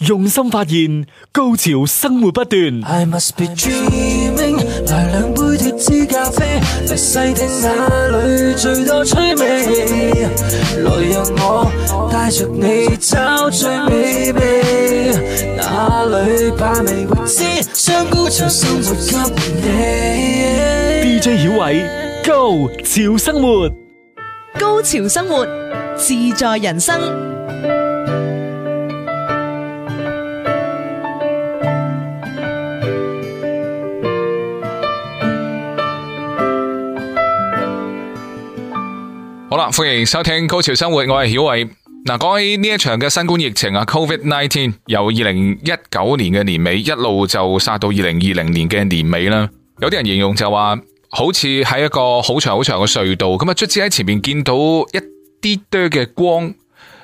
用心發現，高潮生活不斷。I must be dreaming，來兩杯脫脂咖啡，細聽那裏最多趣味。來讓我帶着你找最美味，baby, 哪裏把味知？將高潮生活給你。DJ 小偉，Go，潮生活，高潮生活，自在人生。好啦，歡迎收聽《高潮生活》，我是曉偉，我係曉偉。嗱，講起呢一場嘅新冠疫情啊，Covid nineteen 由二零一九年嘅年尾一路就殺到二零二零年嘅年尾啦。有啲人形容就話，好似喺一個好長好長嘅隧道，咁啊，卒之喺前面見到一啲堆嘅光。呢、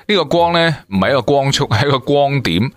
這個光呢，唔係一個光束，係一個光點。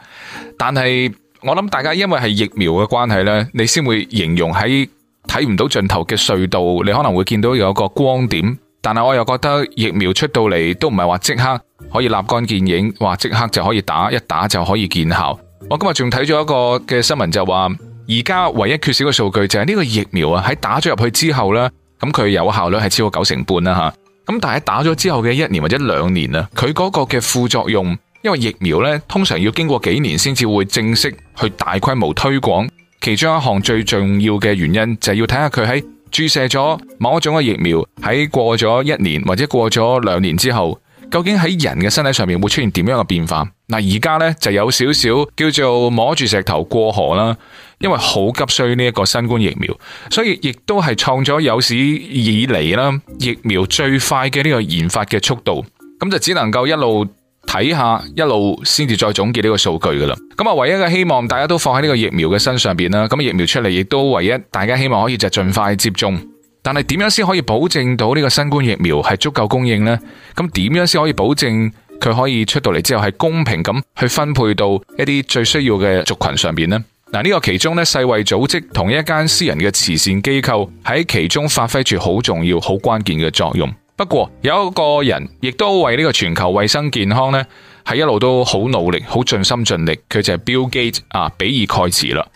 但係我諗大家因為係疫苗嘅關係呢，你先會形容喺睇唔到盡頭嘅隧道，你可能會見到有一個光點。但係我又覺得疫苗出到嚟都唔係話即刻可以立竿見影，話即刻就可以打，一打就可以見效。我今日仲睇咗一個嘅新聞就話，而家唯一缺少嘅數據就係呢個疫苗啊，喺打咗入去之後呢，咁佢有效率係超過九成半啦吓。咁但係打咗之後嘅一年或者兩年啊，佢嗰個嘅副作用，因為疫苗呢通常要經過幾年先至會正式去大規模推廣，其中一項最重要嘅原因就係要睇下佢喺。注射咗某一種嘅疫苗，喺過咗一年或者過咗兩年之後，究竟喺人嘅身體上面會出現點樣嘅變化？嗱，而家呢就有少少叫做摸住石頭過河啦，因為好急需呢一個新冠疫苗，所以亦都係創咗有史以嚟啦疫苗最快嘅呢個研發嘅速度，咁就只能夠一路。睇下一路先至再總結呢個數據噶啦，咁啊唯一嘅希望，大家都放喺呢個疫苗嘅身上邊啦。咁疫苗出嚟，亦都唯一大家希望可以就盡快接種。但係點樣先可以保證到呢個新冠疫苗係足夠供應咧？咁點樣先可以保證佢可以出到嚟之後係公平咁去分配到一啲最需要嘅族群上邊咧？嗱，呢個其中咧，世衛組織同一間私人嘅慈善機構喺其中發揮住好重要、好關鍵嘅作用。不過有一個人亦都為呢個全球衛生健康呢，係一路都好努力，好盡心盡力。佢就係 Bill Gates 啊，比爾蓋茨啦。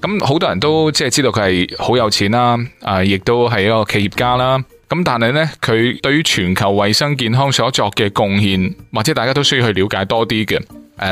咁好多人都即係知道佢係好有錢啦，啊，亦都係一個企業家啦。咁、啊、但係呢，佢對於全球衛生健康所作嘅貢獻，或者大家都需要去了解多啲嘅。誒，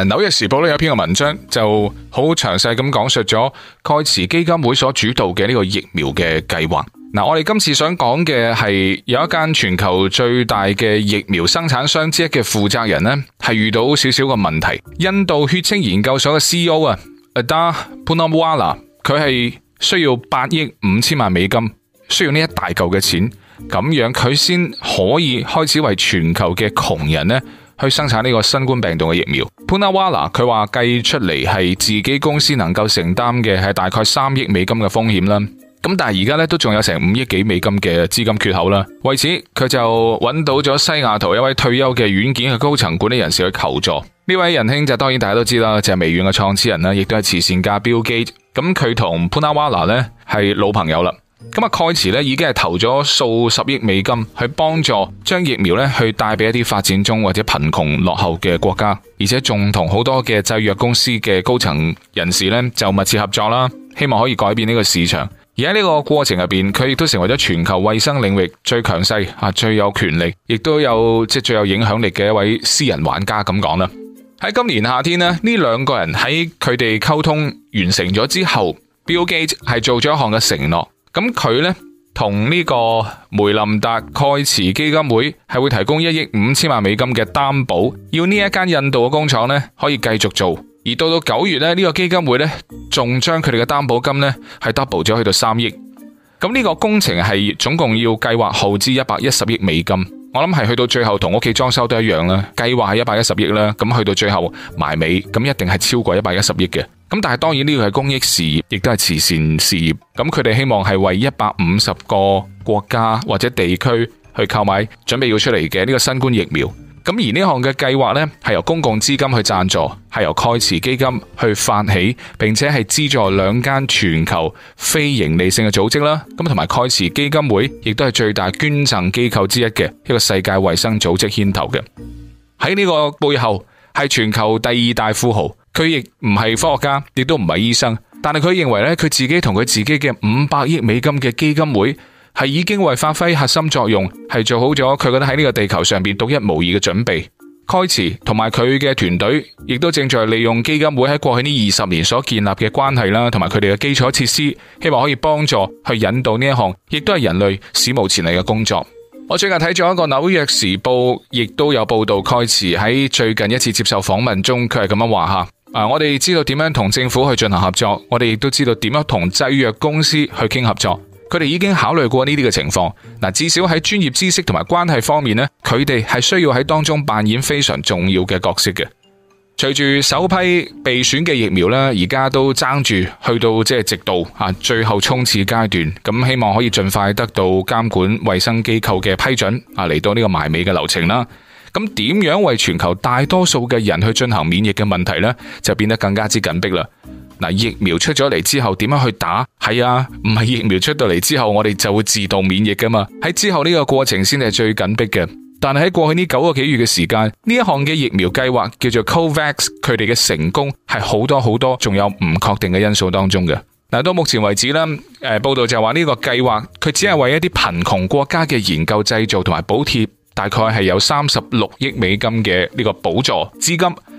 《紐約時報》呢有篇嘅文章就好詳細咁講述咗蓋茨基金會所主導嘅呢個疫苗嘅計劃。嗱，我哋今次想講嘅係有一間全球最大嘅疫苗生產商之一嘅負責人呢係遇到少少嘅問題。印度血清研究所嘅 CEO 啊，Ada Poonawalla 佢係需要八億五千萬美金，需要呢一大嚿嘅錢，咁樣佢先可以開始為全球嘅窮人呢去生產呢個新冠病毒嘅疫苗。Poonawalla 佢話計出嚟係自己公司能夠承擔嘅係大概三億美金嘅風險啦。咁但係而家咧都仲有成五億幾美金嘅資金缺口啦。為此，佢就揾到咗西雅圖一位退休嘅軟件嘅高層管理人士去求助。呢位仁兄就當然大家都知啦，就係微軟嘅創始人啦，亦都係慈善家 Bill Gates。咁佢同 Punawala 呢係老朋友啦。咁啊，蓋茨呢已經係投咗數十億美金去幫助將疫苗呢去帶俾一啲發展中或者貧窮落後嘅國家，而且仲同好多嘅製藥公司嘅高層人士呢就密切合作啦，希望可以改變呢個市場。而喺呢個過程入邊，佢亦都成為咗全球衛生領域最強勢、啊最有權力，亦都有即最有影響力嘅一位私人玩家咁講啦。喺今年夏天呢，呢兩個人喺佢哋溝通完成咗之後，Bill Gates 係做咗一項嘅承諾，咁佢呢，同呢個梅林達蓋茨基金會係會提供一億五千萬美金嘅擔保，要呢一間印度嘅工廠呢可以繼續做。而到到九月呢，呢、這個基金會呢仲將佢哋嘅擔保金呢係 double 咗，去到三億。咁呢個工程係總共要計劃耗資一百一十億美金。我諗係去到最後同屋企裝修都一樣啦，計劃係一百一十億啦。咁去到最後埋尾，咁一定係超過一百一十億嘅。咁但係當然呢個係公益事業，亦都係慈善事業。咁佢哋希望係為一百五十個國家或者地區去購買準備要出嚟嘅呢個新冠疫苗。咁而呢項嘅計劃呢，係由公共資金去贊助，係由蓋茨基金去發起，並且係資助兩間全球非盈利性嘅組織啦。咁同埋蓋茨基金會亦都係最大捐贈機構之一嘅一個世界衛生組織牽頭嘅。喺呢個背後，係全球第二大富豪，佢亦唔係科學家，亦都唔係醫生，但係佢認為呢，佢自己同佢自己嘅五百億美金嘅基金會。係已經為發揮核心作用，係做好咗佢覺得喺呢個地球上邊獨一無二嘅準備。蓋茨同埋佢嘅團隊，亦都正在利用基金會喺過去呢二十年所建立嘅關係啦，同埋佢哋嘅基礎設施，希望可以幫助去引導呢一項，亦都係人類史無前例嘅工作。我最近睇咗一個紐約時報，亦都有報道蓋茨喺最近一次接受訪問中，佢係咁樣話吓：，啊，我哋知道點樣同政府去進行合作，我哋亦都知道點樣同製藥公司去傾合作。佢哋已經考慮過呢啲嘅情況，嗱，至少喺專業知識同埋關係方面咧，佢哋係需要喺當中扮演非常重要嘅角色嘅。隨住首批備選嘅疫苗呢，而家都爭住去到即係直到啊最後衝刺階段，咁希望可以盡快得到監管衛生機構嘅批准啊，嚟到呢個埋尾嘅流程啦。咁點樣為全球大多數嘅人去進行免疫嘅問題呢，就變得更加之緊迫啦。嗱，疫苗出咗嚟之後點樣去打？係啊，唔係疫苗出到嚟之後，我哋就會自動免疫㗎嘛？喺之後呢個過程先係最緊迫嘅。但係喺過去呢九個幾月嘅時間，呢一項嘅疫苗計劃叫做 COVAX，佢哋嘅成功係好多好多，仲有唔確定嘅因素當中㗎。到目前為止啦，誒，報道就話呢個計劃佢只係為一啲貧窮國家嘅研究製造同埋補貼，大概係有三十六億美金嘅呢個補助資金。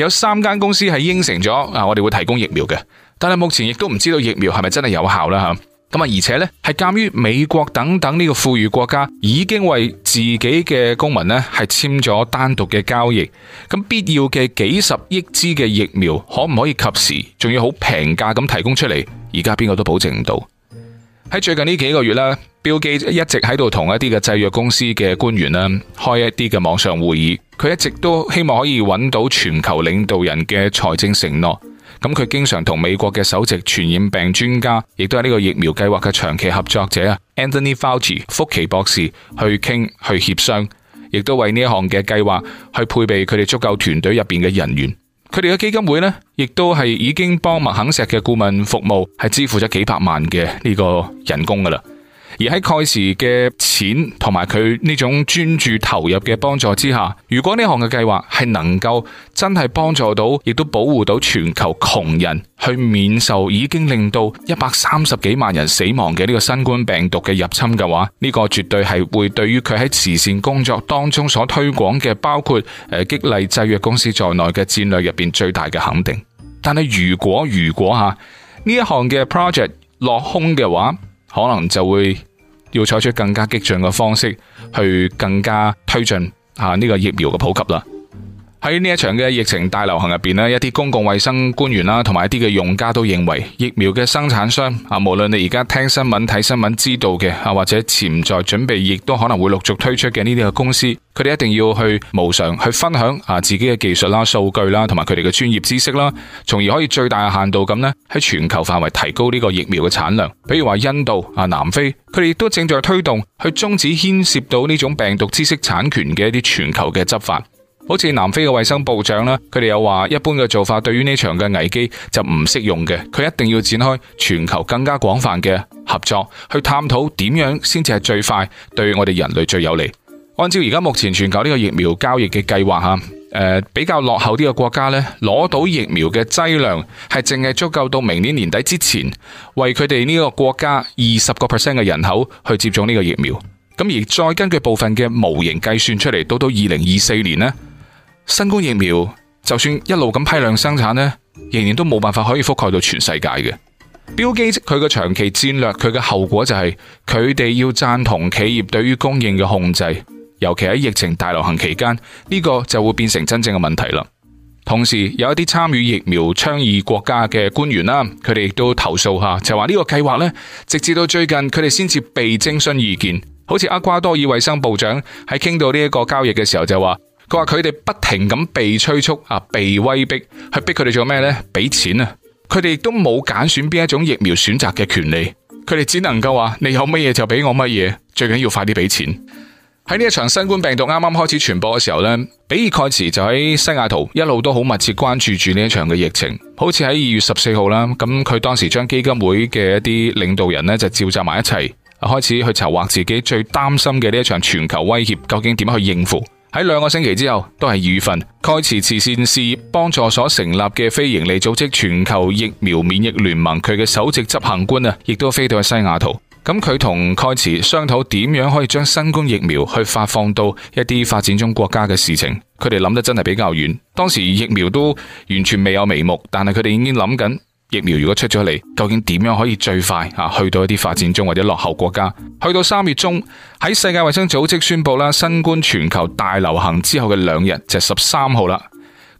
有三間公司係應承咗啊，我哋會提供疫苗嘅，但係目前亦都唔知道疫苗係咪真係有效啦吓。咁啊，而且呢，係鑒於美國等等呢個富裕國家已經為自己嘅公民呢係簽咗單獨嘅交易，咁必要嘅幾十億支嘅疫苗可唔可以及時，仲要好平價咁提供出嚟？而家邊個都保證唔到。喺最近呢幾個月啦，Bill Gates 一直喺度同一啲嘅製藥公司嘅官員啦開一啲嘅網上會議。佢一直都希望可以揾到全球領導人嘅財政承諾，咁佢經常同美國嘅首席傳染病專家，亦都係呢個疫苗計劃嘅長期合作者啊，Anthony Fauci 福奇博士去傾去協商，亦都為呢一項嘅計劃去配備佢哋足夠團隊入邊嘅人員，佢哋嘅基金會咧，亦都係已經幫麥肯錫嘅顧問服務係支付咗幾百萬嘅呢個人工噶啦。而喺蓋茨嘅錢同埋佢呢種專注投入嘅幫助之下，如果呢項嘅計劃係能夠真係幫助到，亦都保護到全球窮人去免受已經令到一百三十幾萬人死亡嘅呢個新冠病毒嘅入侵嘅話，呢個絕對係會對於佢喺慈善工作當中所推廣嘅，包括誒激勵製藥公司在內嘅戰略入面最大嘅肯定。但係如果如果嚇呢一項嘅 project 落空嘅話，可能就會。要採取更加激進嘅方式，去更加推進吓呢個疫苗嘅普及啦。喺呢一場嘅疫情大流行入邊呢，一啲公共衛生官員啦，同埋一啲嘅用家都認為，疫苗嘅生產商啊，無論你而家聽新聞、睇新聞知道嘅啊，或者潛在準備亦都可能會陸續推出嘅呢啲嘅公司，佢哋一定要去無償去分享啊自己嘅技術啦、數據啦，同埋佢哋嘅專業知識啦，從而可以最大限度咁呢喺全球範圍提高呢個疫苗嘅產量。比如話印度啊、南非，佢哋都正在推動去終止牽涉到呢種病毒知識產權嘅一啲全球嘅執法。好似南非嘅衛生部長啦，佢哋又話一般嘅做法對於呢場嘅危機就唔適用嘅，佢一定要展開全球更加廣泛嘅合作，去探討點樣先至係最快對我哋人類最有利。按照而家目前全球呢個疫苗交易嘅計劃吓，呃，比較落後啲個國家呢，攞到疫苗嘅劑量係淨係足夠到明年年底之前爲佢哋呢個國家二十個 percent 嘅人口去接種呢個疫苗。咁而再根據部分嘅模型計算出嚟，到到二零二四年呢。新冠疫苗就算一路咁批量生產呢，仍然都冇辦法可以覆蓋到全世界嘅。Bill Gates 佢嘅長期戰略，佢嘅後果就係佢哋要讚同企業對於供應嘅控制，尤其喺疫情大流行期間，呢個就會變成真正嘅問題啦。同時，有一啲參與疫苗倡議國家嘅官員啦，佢哋亦都投訴下，就話呢個計劃呢，直至到最近佢哋先至被徵詢意見。好似厄瓜多爾衛生部長喺傾到呢一個交易嘅時候就話。佢話佢哋不停咁被催促啊，被威逼去逼佢哋做咩呢？俾錢啊！佢哋亦都冇揀選邊一種疫苗選擇嘅權利，佢哋只能夠話你有乜嘢就俾我乜嘢，最緊要快啲俾錢。喺呢一場新冠病毒啱啱開始傳播嘅時候呢，比爾蓋茨就喺西雅圖一路都好密切關注住呢一場嘅疫情，好似喺二月十四號啦，咁佢當時將基金會嘅一啲領導人呢，就召集埋一齊，開始去籌劃自己最擔心嘅呢一場全球威脅究竟點樣去應付。喺兩個星期之後，都係二月份。蓋茨慈善事業幫助所成立嘅非營利組織全球疫苗免疫聯盟，佢嘅首席執行官啊亦都飛到去西雅圖。咁佢同蓋茨商討點樣可以將新冠疫苗去發放到一啲發展中國家嘅事情。佢哋諗得真係比較遠。當時疫苗都完全未有眉目，但係佢哋已經諗緊疫苗如果出咗嚟，究竟點樣可以最快啊去到一啲發展中或者落後國家？去到三月中，喺世界衛生組織宣布啦，新冠全球大流行之後嘅兩日，就十三號啦。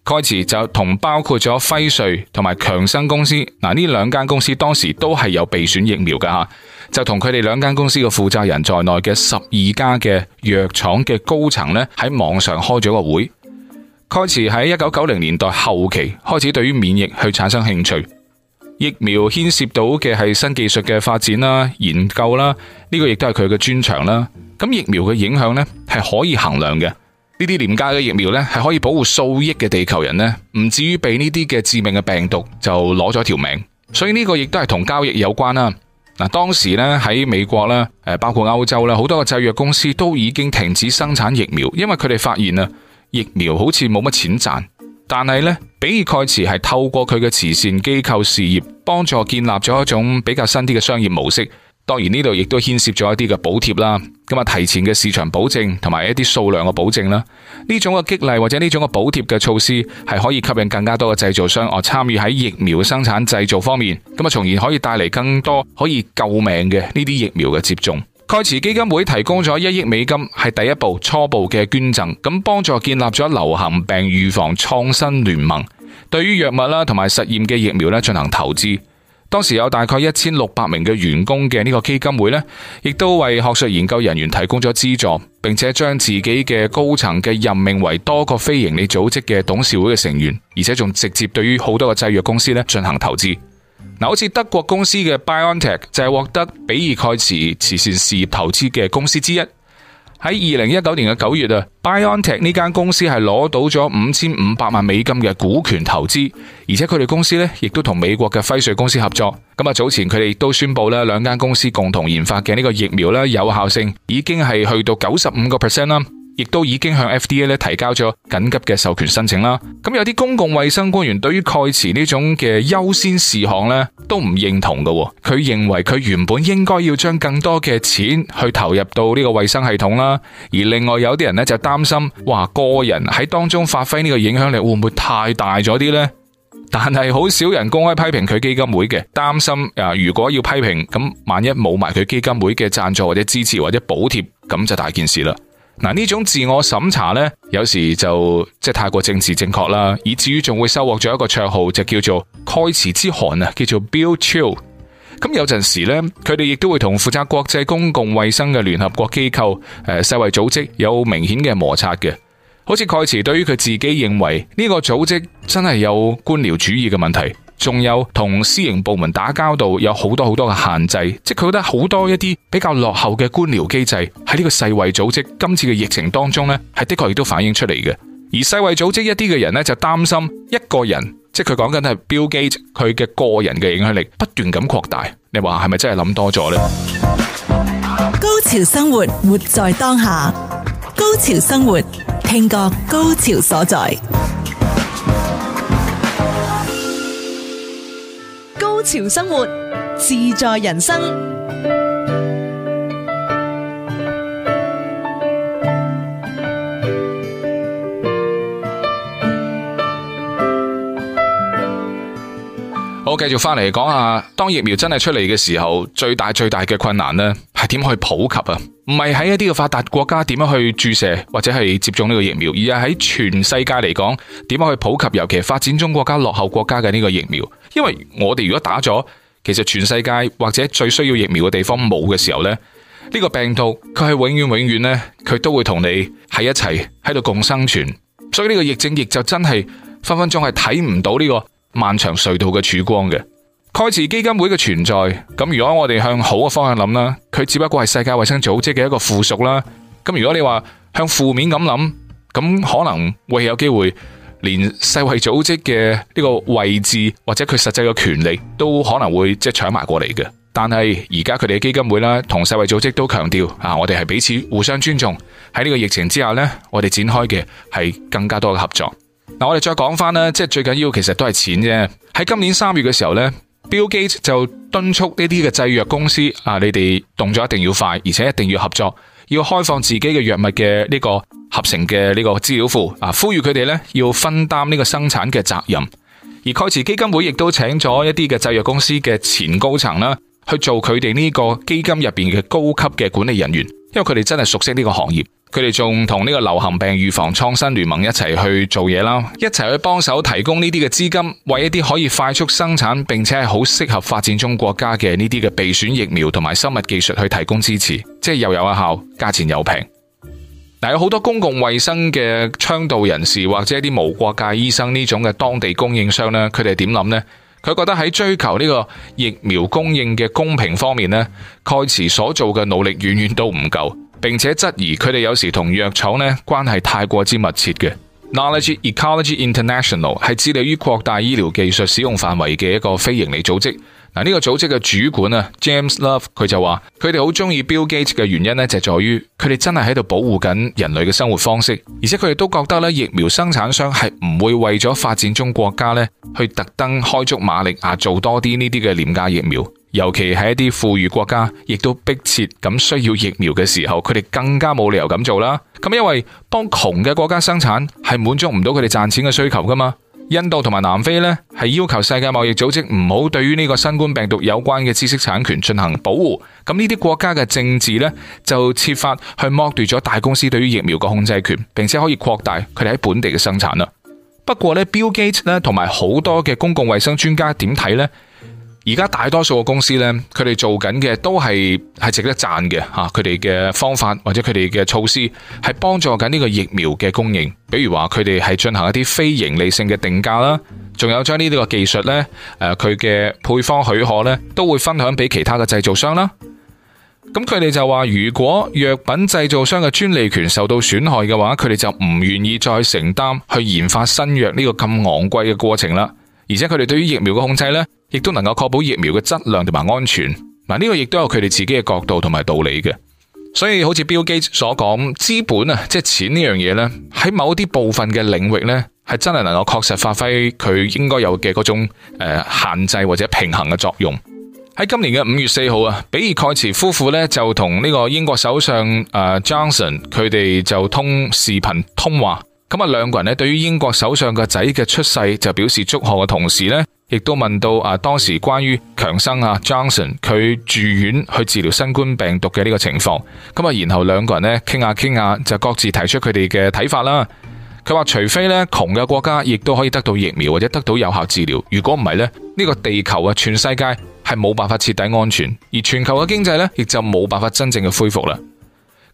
蓋茨就同包括咗輝瑞同埋強生公司，嗱呢兩間公司當時都係有備選疫苗噶吓，就同佢哋兩間公司嘅負責人在內嘅十二家嘅藥廠嘅高層咧，喺網上開咗個會。蓋茨喺一九九零年代後期開始對於免疫去產生興趣。疫苗牽涉到嘅係新技術嘅發展啦、研究啦，呢個亦都係佢嘅專長啦。咁疫苗嘅影響呢，係可以衡量嘅。呢啲廉價嘅疫苗呢，係可以保護數億嘅地球人呢，唔至於被呢啲嘅致命嘅病毒就攞咗條命。所以呢個亦都係同交易有關啦。嗱，當時呢喺美國啦，誒包括歐洲啦，好多嘅製藥公司都已經停止生產疫苗，因為佢哋發現啊，疫苗好似冇乜錢賺。但係咧，比爾蓋茨係透過佢嘅慈善機構事業，幫助建立咗一種比較新啲嘅商業模式。當然，呢度亦都牽涉咗一啲嘅補貼啦，咁啊提前嘅市場保證同埋一啲數量嘅保證啦。呢種嘅激勵或者呢種嘅補貼嘅措施，係可以吸引更加多嘅製造商哦參與喺疫苗生產製造方面，咁啊，從而可以帶嚟更多可以救命嘅呢啲疫苗嘅接種。蓋茨基金會提供咗一億美金，係第一步初步嘅捐贈，咁幫助建立咗流行病預防創新聯盟，對於藥物啦同埋實驗嘅疫苗咧進行投資。當時有大概一千六百名嘅員工嘅呢個基金會呢，亦都為學術研究人員提供咗資助，並且將自己嘅高層嘅任命為多個非營利組織嘅董事會嘅成員，而且仲直接對於好多個製藥公司咧進行投資。嗱，好似德國公司嘅 Biontech 就係獲得比爾蓋茨慈善事業投資嘅公司之一。喺二零一九年嘅九月啊，Biontech 呢間公司係攞到咗五千五百萬美金嘅股權投資，而且佢哋公司咧亦都同美國嘅輝瑞公司合作。咁啊，早前佢哋亦都宣布咧，兩間公司共同研發嘅呢個疫苗咧，有效性已經係去到九十五個 percent 啦。亦都已經向 F.D.A. 咧提交咗緊急嘅授權申請啦。咁有啲公共衛生官員對於蓋茨呢種嘅優先事項呢都唔認同嘅。佢認為佢原本應該要將更多嘅錢去投入到呢個衛生系統啦。而另外有啲人呢就擔心，話個人喺當中發揮呢個影響力會唔會太大咗啲呢？但係好少人公開批評佢基金會嘅擔心。啊，如果要批評咁，萬一冇埋佢基金會嘅贊助或者支持或者補貼，咁就大件事啦。嗱呢種自我審查呢，有時就即係太過政治正確啦，以至於仲會收穫咗一個綽號，就叫做蓋茨之寒啊，叫做 Bill Chill。咁有陣時呢，佢哋亦都會同負責國際公共衛生嘅聯合國機構誒，世衛組織有明顯嘅摩擦嘅，好似蓋茨對於佢自己認為呢個組織真係有官僚主義嘅問題。仲有同私營部門打交道，有好多好多嘅限制，即係佢覺得好多一啲比較落後嘅官僚機制喺呢個世衛組織今次嘅疫情當中咧，係的確亦都反映出嚟嘅。而世衛組織一啲嘅人咧，就擔心一個人，即係佢講緊係 Bill Gates 佢嘅個人嘅影響力不斷咁擴大。你話係咪真係諗多咗咧？高潮生活，活在當下。高潮生活，聽覺高潮所在。潮生活，自在人生。我繼續翻嚟講下，當疫苗真係出嚟嘅時候，最大最大嘅困難呢係點去普及啊？唔係喺一啲嘅發達國家點樣去注射或者係接種呢個疫苗，而係喺全世界嚟講，點樣去普及，尤其發展中國家、落後國家嘅呢個疫苗。因為我哋如果打咗，其實全世界或者最需要疫苗嘅地方冇嘅時候呢，呢，呢個病毒佢係永遠永遠呢，佢都會同你喺一齊喺度共生存，所以呢個疫症亦就真係分分鐘係睇唔到呢個漫長隧道嘅曙光嘅。蓋茨基金會嘅存在，咁如果我哋向好嘅方向諗啦，佢只不過係世界衛生組織嘅一個附屬啦。咁如果你話向負面咁諗，咁可能會有機會。連世衛組織嘅呢個位置或者佢實際嘅權力都可能會即係搶埋過嚟嘅，但係而家佢哋嘅基金會啦同世衛組織都強調啊，我哋係彼此互相尊重，喺呢個疫情之下呢，我哋展開嘅係更加多嘅合作。嗱，我哋再講翻啦，即係最緊要其實都係錢啫。喺今年三月嘅時候呢，Bill Gates 就敦促呢啲嘅製藥公司啊，你哋動作一定要快，而且一定要合作。要開放自己嘅藥物嘅呢個合成嘅呢個資料庫啊，呼籲佢哋咧要分擔呢個生產嘅責任。而蓋茨基金會亦都請咗一啲嘅製藥公司嘅前高層啦，去做佢哋呢個基金入邊嘅高級嘅管理人員，因為佢哋真係熟悉呢個行業。佢哋仲同呢個流行病預防創新聯盟一齊去做嘢啦，一齊去幫手提供呢啲嘅資金，為一啲可以快速生產並且係好適合發展中國家嘅呢啲嘅備選疫苗同埋生物技術去提供支持，即係又有效，價錢又平。但有好多公共衛生嘅倡導人士或者一啲無國界醫生呢種嘅當地供應商呢，佢哋點諗呢？佢覺得喺追求呢個疫苗供應嘅公平方面呢，蓋茨所做嘅努力遠遠都唔夠。並且質疑佢哋有時同藥廠關係太過之密切嘅 Knowledge Ecology International 是致力於擴大醫療技術使用範圍嘅一個非營利組織。嗱呢個組織嘅主管 James Love 佢就 i 佢哋好 a 意 Gates 嘅原因咧就是在於佢哋真的喺度保護人類嘅生活方式，而且佢哋都覺得疫苗生產商是唔會為咗發展中國家去特登開足馬力做多啲呢啲嘅廉價疫苗。尤其係一啲富裕國家，亦都迫切咁需要疫苗嘅時候，佢哋更加冇理由咁做啦。咁因為幫窮嘅國家生產係滿足唔到佢哋賺錢嘅需求噶嘛。印度同埋南非呢係要求世界貿易組織唔好對於呢個新冠病毒有關嘅知識產權進行保護。咁呢啲國家嘅政治呢，就設法去剝奪咗大公司對於疫苗嘅控制權，並且可以擴大佢哋喺本地嘅生產啦。不過呢，Bill Gates 呢同埋好多嘅公共衛生專家點睇呢？而家大多數嘅公司呢，佢哋做緊嘅都係係值得讚嘅吓，佢哋嘅方法或者佢哋嘅措施係幫助緊呢個疫苗嘅供應。比如話佢哋係進行一啲非盈利性嘅定價啦，仲有將呢啲個技術呢，誒佢嘅配方許可呢，都會分享俾其他嘅製造商啦。咁佢哋就話，如果藥品製造商嘅專利權受到損害嘅話，佢哋就唔願意再承擔去研發新藥呢個咁昂貴嘅過程啦。而且佢哋對於疫苗嘅控制呢。亦都能夠確保疫苗嘅質量同埋安全，嗱呢個亦都有佢哋自己嘅角度同埋道理嘅。所以好似標基所講，資本啊，即係錢呢樣嘢呢，喺某啲部分嘅領域呢，係真係能夠確實發揮佢應該有嘅嗰種誒限制，或者平衡嘅作用。喺今年嘅五月四號啊，比爾蓋茨夫婦呢，就同呢個英國首相誒 Johnson，佢哋就通視頻通話，咁啊兩個人咧對於英國首相個仔嘅出世就表示祝賀嘅同時呢。亦都問到啊，當時關於強生啊 Johnson 佢住院去治療新冠病毒嘅呢個情況，咁啊，然後兩個人咧傾下傾下就各自提出佢哋嘅睇法啦。佢話除非呢窮嘅國家亦都可以得到疫苗或者得到有效治療，如果唔係呢，呢個地球啊全世界係冇辦法徹底安全，而全球嘅經濟呢，亦就冇辦法真正嘅恢復啦。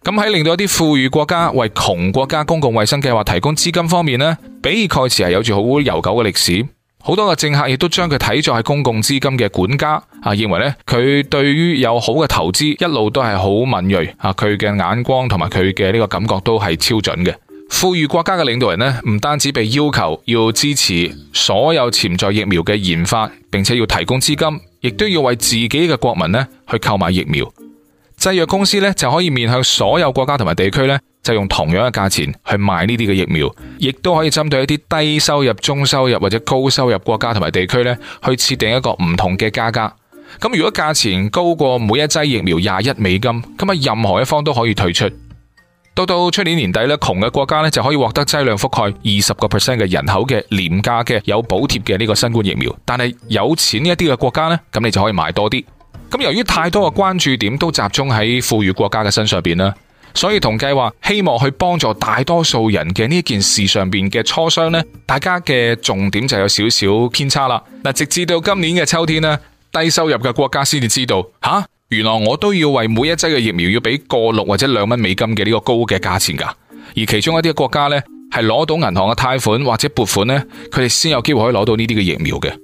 咁喺令到一啲富裕國家為窮國家公共衛生計劃提供資金方面呢，比爾蓋茨係有住好悠久嘅歷史。好多嘅政客亦都將佢睇作係公共資金嘅管家，啊，認為咧佢對於有好嘅投資一路都係好敏銳，啊，佢嘅眼光同埋佢嘅呢個感覺都係超準嘅。富裕國家嘅領導人呢，唔單止被要求要支持所有潛在疫苗嘅研發，並且要提供資金，亦都要為自己嘅國民呢去購買疫苗。製藥公司咧就可以面向所有國家同埋地區咧。就用同樣嘅價錢去賣呢啲嘅疫苗，亦都可以針對一啲低收入、中收入或者高收入國家同埋地區咧去設定一個唔同嘅價格。咁如果價錢高過每一劑疫苗廿一美金，咁啊任何一方都可以退出。到到出年年底咧，窮嘅國家咧就可以獲得劑量覆蓋二十個 percent 嘅人口嘅廉價嘅有補貼嘅呢個新冠疫苗。但係有錢一啲嘅國家呢，咁你就可以買多啲。咁由於太多嘅關注點都集中喺富裕國家嘅身上邊啦。所以同計劃希望去幫助大多數人嘅呢件事上邊嘅磋商呢，大家嘅重點就有少少偏差啦。嗱，直至到今年嘅秋天咧，低收入嘅國家先至知道，吓、啊，原來我都要為每一劑嘅疫苗要俾過六或者兩蚊美金嘅呢個高嘅價錢噶。而其中一啲嘅國家呢，係攞到銀行嘅貸款或者撥款呢，佢哋先有機會可以攞到呢啲嘅疫苗嘅。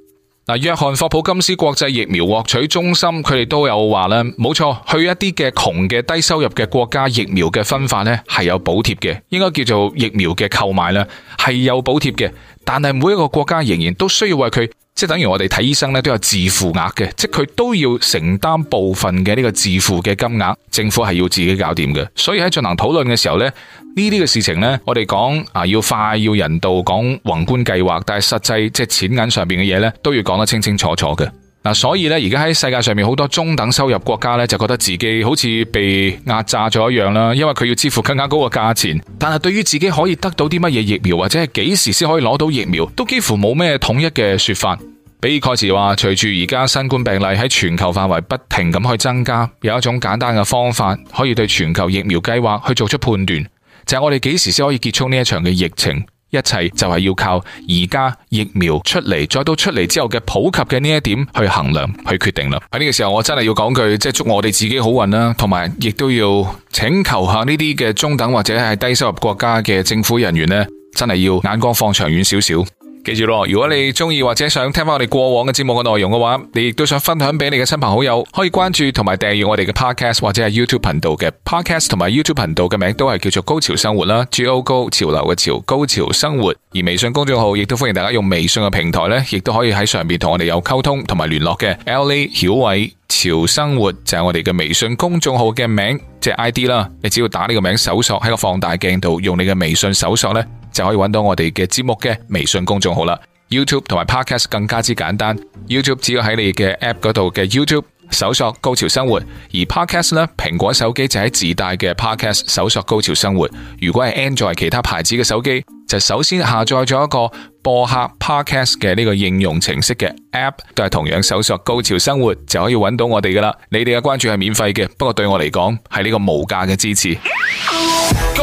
約翰霍普金斯國際疫苗獲取中心，佢哋都有話啦，冇錯，去一啲嘅窮嘅低收入嘅國家，疫苗嘅分發呢係有補貼嘅，應該叫做疫苗嘅購買呢係有補貼嘅，但係每一個國家仍然都需要為佢。即等於我哋睇醫生咧都有自付額嘅，即佢都要承擔部分嘅呢個自付嘅金額，政府係要自己搞掂嘅。所以喺進行討論嘅時候咧，呢啲嘅事情咧，我哋講啊要快要人道，講宏觀計劃，但係實際即係錢銀上面嘅嘢咧，都要講得清清楚楚嘅。所以呢而家喺世界上面好多中等收入國家呢就覺得自己好似被壓榨咗一樣啦，因為佢要支付更加高嘅價錢。但係對於自己可以得到啲乜嘢疫苗，或者係幾時先可以攞到疫苗，都幾乎冇咩統一嘅說法。比爾蓋茨話，隨住而家新冠病例喺全球範圍不停咁去增加，有一種簡單嘅方法可以對全球疫苗計劃去做出判斷，就係、是、我哋幾時先可以結束呢一場嘅疫情。一切就係要靠而家疫苗出嚟，再到出嚟之後嘅普及嘅呢一點去衡量去決定啦。喺呢個時候，我真係要講句，即係祝我哋自己好運啦，同埋亦都要請求下呢啲嘅中等或者係低收入國家嘅政府人員呢，真係要眼光放長遠少少。記住咯，如果你鍾意或者想聽返我哋過往嘅節目嘅內容嘅話，你亦都想分享俾你嘅親朋好友，可以關注同埋訂閱我哋嘅 podcast 或者係 YouTube 頻道，嘅 podcast 同埋 YouTube 頻道嘅名字都係叫做高潮生活啦，G O GO，潮流嘅潮，高潮生活。而微信公眾號亦都歡迎大家用微信嘅平台咧，亦都可以喺上邊同我哋有溝通同埋聯絡嘅。L A 曉偉潮生活就係我哋嘅微信公眾號嘅名，即係 I D 啦。你只要打呢個名搜索喺個放大鏡度，用你嘅微信搜索咧，就可以搵到我哋嘅節目嘅微信公眾號啦。YouTube 同埋 Podcast 更加之簡單。YouTube 只要喺你嘅 App 嗰度嘅 YouTube 搜索高潮生活，而 Podcast 呢，蘋果手機就喺自帶嘅 Podcast 搜索高潮生活。如果係 Android 其他牌子嘅手機，就首先下載咗一個播客 podcast 嘅呢個應用程式嘅 app，都係同樣搜索高潮生活，就可以揾到我哋噶啦。你哋嘅關注係免費嘅，不過對我嚟講係呢個無價嘅支持。